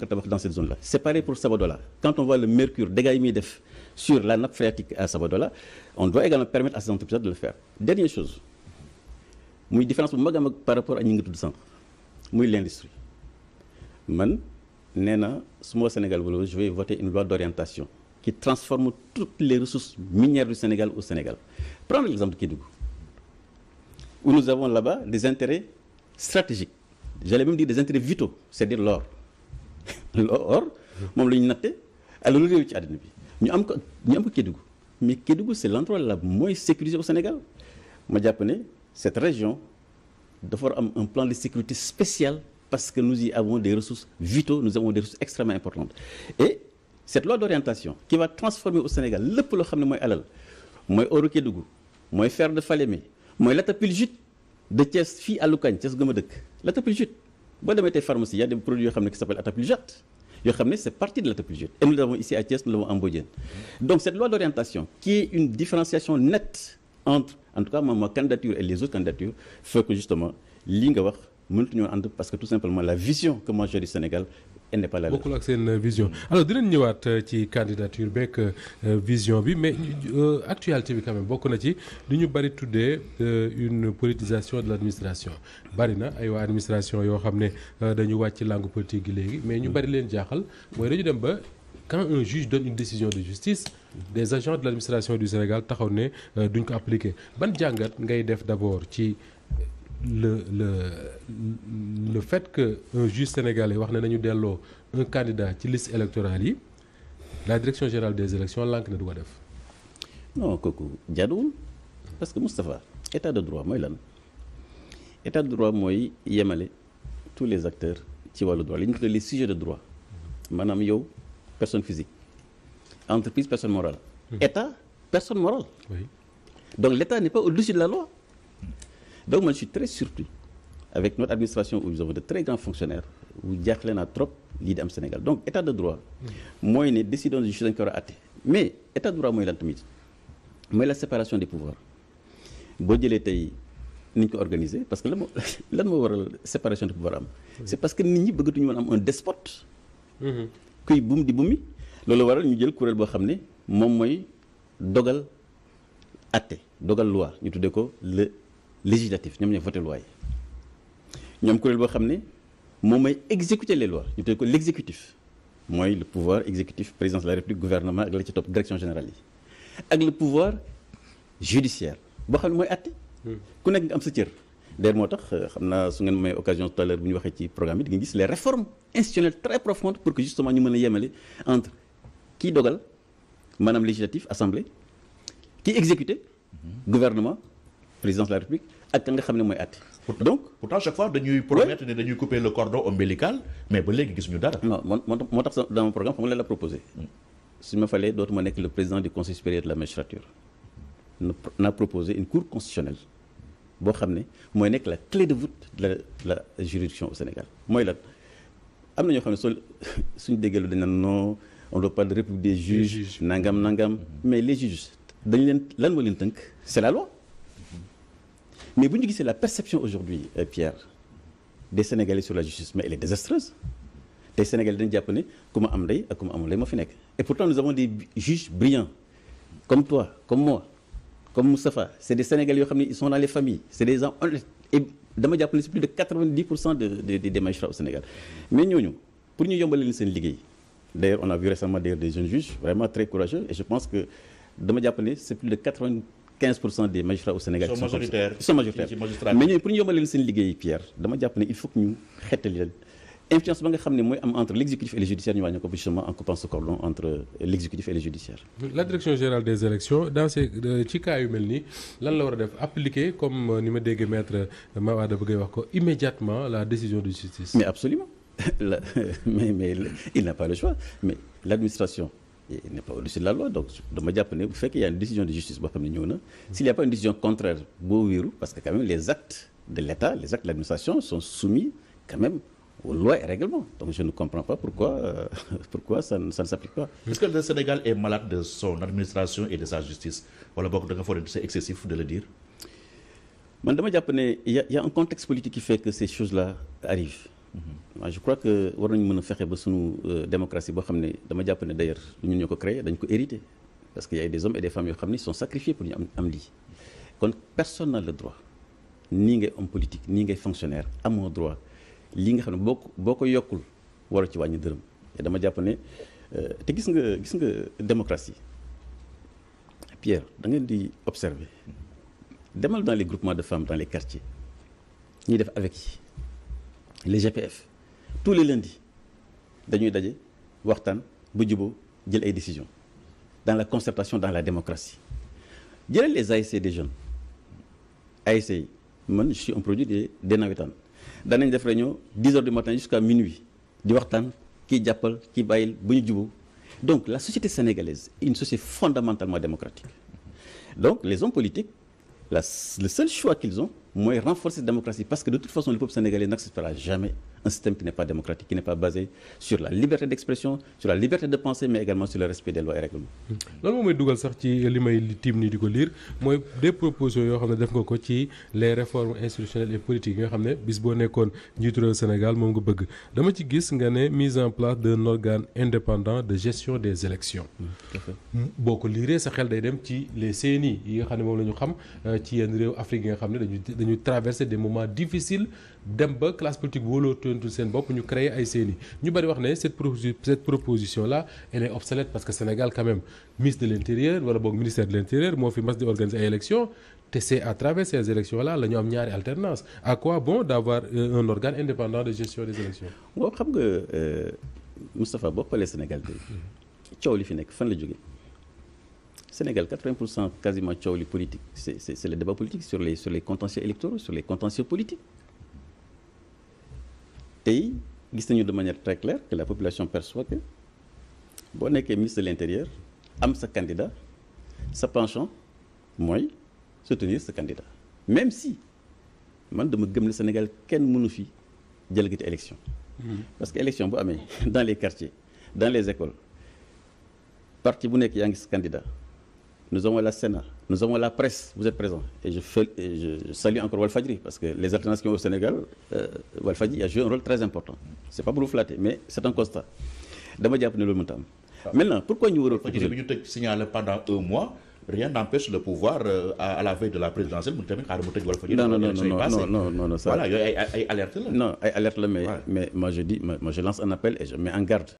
ka tabax dans cette zone là c'est pareil pour Sabadola quand on voit le mercure dégâts yi muy def sur la nappe phréatique à Sabadola on doit également permettre à ces entreprises de le faire dernière chose muy différence bu mag par rapport ak ñi nga tudd sànq muy l'industrie man nee na su ma Sénégal wala je vais voter une loi d'orientation qui transforme toutes les ressources minières du Sénégal au Sénégal prendre l'exemple de Kédougou où nous avons là-bas des intérêts stratégiques j'allais or moom la ñu natte lu réew ci àddina bi ñu am ko ñu am ko Kédougou mais Kédougou c' est l' endroit la mooy sécurisé au Sénégal ma jàpp ne cette région dafa war am un plan de sécurité spécial parce que nous y avons des ressources vitaux nous avons des ressources extrêmement importantes et cette loi d' orientation qui va transformer au Sénégal lépp loo xam ne mooy alal mooy oru Kédougou mooy fer de Falémé mooy Latapiljut de Thiès fii à Loukagne Thiès gëm a dëkk Latapiljut boo demee tey pharmacie y a des produits yoo xam ne qui s'appelle Atapulgate yoo xam ne c'est parti de l'Atapulgate et nous l'avons ici à Thiès nous l'avons en donc cette loi d'orientation qui est une différenciation nette entre en tout cas ma ma candidature et les autres candidatures fait que justement li nga wax mënut ñoo ànd parce que tout la vision que moi j'ai du Sénégal elle n'est pas la bokkul ak seen euh, vision euh, ci candidature beeg euh, vision bi mais actualité bi quand bokk na ci du ñu bari tuddee une politisation de l'administration bari na ay waa administration yoo xam ne dañu wàcc langue politique gi léegi mais ñu bari leen jaaxal mooy dañu dem ba quand un juge donne une décision de justice des agents de l'administration du Sénégal taxaw ne duñ ko appliquer ban jàngat ngay def d'abord ci le le le fait que un juge sénégalais wax na nañu delloo un candidat ci liste électorale yi la direction générale des élections lànk du ko def. non kooku jaaduwul parce que Moustapha état de droit mooy lan état de droit mooy yemale tous les acteurs ci wàllu droit li ñu tuddee les de droit maanaam yow personne physique entreprise personne morale. Hmm. état personne morale. donc l' état pas au-dessus la loi. donc man je suis très surpris avec notre administration où nous avons de très grands fonctionnaires bu jaaxle naa trop lii di am Sénégal donc état de droit mooy ne décision de justice dañ ko a àtte mais état de droit mooy lan tamit mooy la séparation des pouvoirs boo jëlee tey ni ko organiser parce que lan moo lan moo waral séparation des pouvoirs am c'est parce que nit ñi bëggatuñu woon am un despote mm-hmm. kuy bum di bumi loolu waral ñu jël kuréel boo xam ne moom mooy dogal àtte dogal loi ñu tuddee ko législatif ñoom ñooy voté loi yi ñoom kuréel boo xam ne moom mooy exécuter les lois ñu tuddee ko l' exécutif mooy le pouvoir exécutif présidence de la république gouvernement ak la ci topp direction générale yi ak le pouvoir judiciaire boo xam ne mooy àtte ku nekk nga am sa cër d'ailleurs moo tax euh, xam naa su ngeen may occasion tout à l'heure bu ñu waxee ci programme bi nga gis le réformes institutionnelles très profondes pour que justement ñu mën a yemale entre kii dogal maanaam législatif assemblée kii exécuté gouvernement président de la république ak nga xam ne mooy àtte. donc pourtant chaque fois dañuy promettre ne dañuy couper le cordon ombilical mais ba léegi gisuñu dara. non moo tax dans mon programme xam nga mm. ma nekk le président du conseil supérieur de la une cour constitutionnelle boo xam ne mooy nekk la clé de voûte de la la juridiction au Sénégal mooy lan am na ñoo xam ne soo suñu déggalu dañ naan no on doit pas de république des juges nangam nangam mm-hmm. mais les juges dañ leen lan moo leen tënk c'est la loi. mais bu ñu gisee la perception aujourd'hui euh, Pierre des Sénégalais sur la justice mais elle est désastreuse tey Sénégalais dañu jàpp ne ku ma am ndey ak ku ma amul ndey ma fi nekk et pourtant nous avons des juges brillants comme toi comme moi comme Moustapha c'est des Sénégalais yoo xam ne ils sont dans les familles c'est des gens honnêtes et dama jàpp ne c'est plus de des magistrats au Sénégal mais ñooñu pour ñu yombal leen seen liggéey d'ailleurs on a vu récemment d'ailleurs des pense que dama jàpp ne c'est 15 pour cent des magistrats au Sénégal. sont majoritaires mais ñooñu pour ñu yombal leen seen liggéey Pierre dama jàpp ne il faut ñu xettali leen influence ba nga xam ne mooy am entre l' exécutif et le judiciaire ñu wàññi ko justement en coupant cordon entre l' et le judiciaire. la direction générale des élections dans ces euh, ci cas mel nii lan la war a def appliquer comme euh, ni ma déggee maître euh, Mawade bëggee wax ko immédiatement la décision de justice. mais absolument mais mais il n'a pas le choix l' administration. il n'est pas au-dessus de la loi donc dama jàpp ne bu fekkee y a une décision de justice boo xam ne ñëw na s'il n'y a pas une décision contraire boo wéeru parce que les actes de l'État les actes de l'administration sont soumis quand même aux lois et donc je ne comprends pas pourquoi euh, ça ne s'applique pas. est que le Sénégal est malade de son administration et de sa justice wala boog da nga foog ne c'est excessif de le dire. man dama jàpp ne y a y a un contexte politique waaw je crois que war nañu mën a fexe ba sunu euh, démocratie boo xam ne dama jàpp ne d'ailleurs ñun ñoo ko créé dañ ko hérité parce que y a des hommes et des femmes yoo xam ne sont sacrifiés pour ñu am am lii kon personne n'a le droit nii ngay homme politique nii ngay fonctionnaire amoo droit lii nga xam ne boo ko boo ko yokkul waroo ci wàññi dërëm dama jàpp ne euh, te gis nga gis nga démocratie Pierre da ngeen di observer demal dans le groupement de femmes dans les ñuy def avec les GPF tous les lundis dañuy daje waxtaan bu juboo jël ay décisions dans la concertation dans la démocratie jëlal les ASC des jeunes ASC yi man je suis un produit des des nawetaan danañ def réunion 10 heures du matin jusqu'à minuit di waxtaan kii jàppal kii bàyyil bu ñu juboo donc la société sénégalaise est une société fondamentalement démocratique donc les hommes politiques la le seul choix qu'ils ont mooy renforcer démocratie parce que de toute façon le peuple sénégalais n'acceptera jamais un système qui n'est pas démocratique qui n'est pas basé sur la liberté d'expression sur la liberté de penser mais également sur le respect des lois et règlements loolu moom dugal sax ci li may tiim nii di ko liir mooy des yoo xam ne def nga ko ci les réformes institutionnelles et politiques yoo xam ne bis boo nekkoon njiitu réew Sénégal moom nga bëgg dañu traverser des moments difficiles dem ba classe politique wóoloo tontu seen bopp ñu créer ay seeni ñu bëri wax ne cette cette proposition là elle est parce que Sénégal quand même ministre de l'intérieur wala boog ministère de l'intérieur moo fi mas di organiser ay élections te c'est à travers ces élections la ñu am ñaari alternance à quoi bon d'avoir euh, un organe indépendant de gestion des élections waaw xam nga euh, Moustapha boo xoolee Sénégal tey coow li Sénégal 80 pour cent quasiment coow li politique c'est c'est c'est le débat politique sur les sur les contentieux électoraux sur les contentieux politiques tey gis nañu de manière très claire que la population perçoit que boo nekkee ministre de l'intérieur am sa candidat sa penchant mooy soutenir sa candidat même si man dama gëm ne Sénégal kenn mënu fi jalgati élection mm-hmm. parce que élection bu amee dans les quartiers dans les écoles parti bu nekk yaa ngi sa candidat nous avons la Sénat, nous avons la presse, vous êtes présents. Et je, fais, et je, salue encore Walfadri, parce que les alternances qui ont au Sénégal, euh, Walfadri a joué un rôle très important. Ce n'est pas pour vous flatter, mais c'est un constat. Dama jàpp ne loolu mu Maintenant, pourquoi ñu waroon. Walfadri euh, la veille de la présidentielle mu ne tamit xaaral ma tëj non non non non non non non non ay alerte la mais mais moi je dis moi, je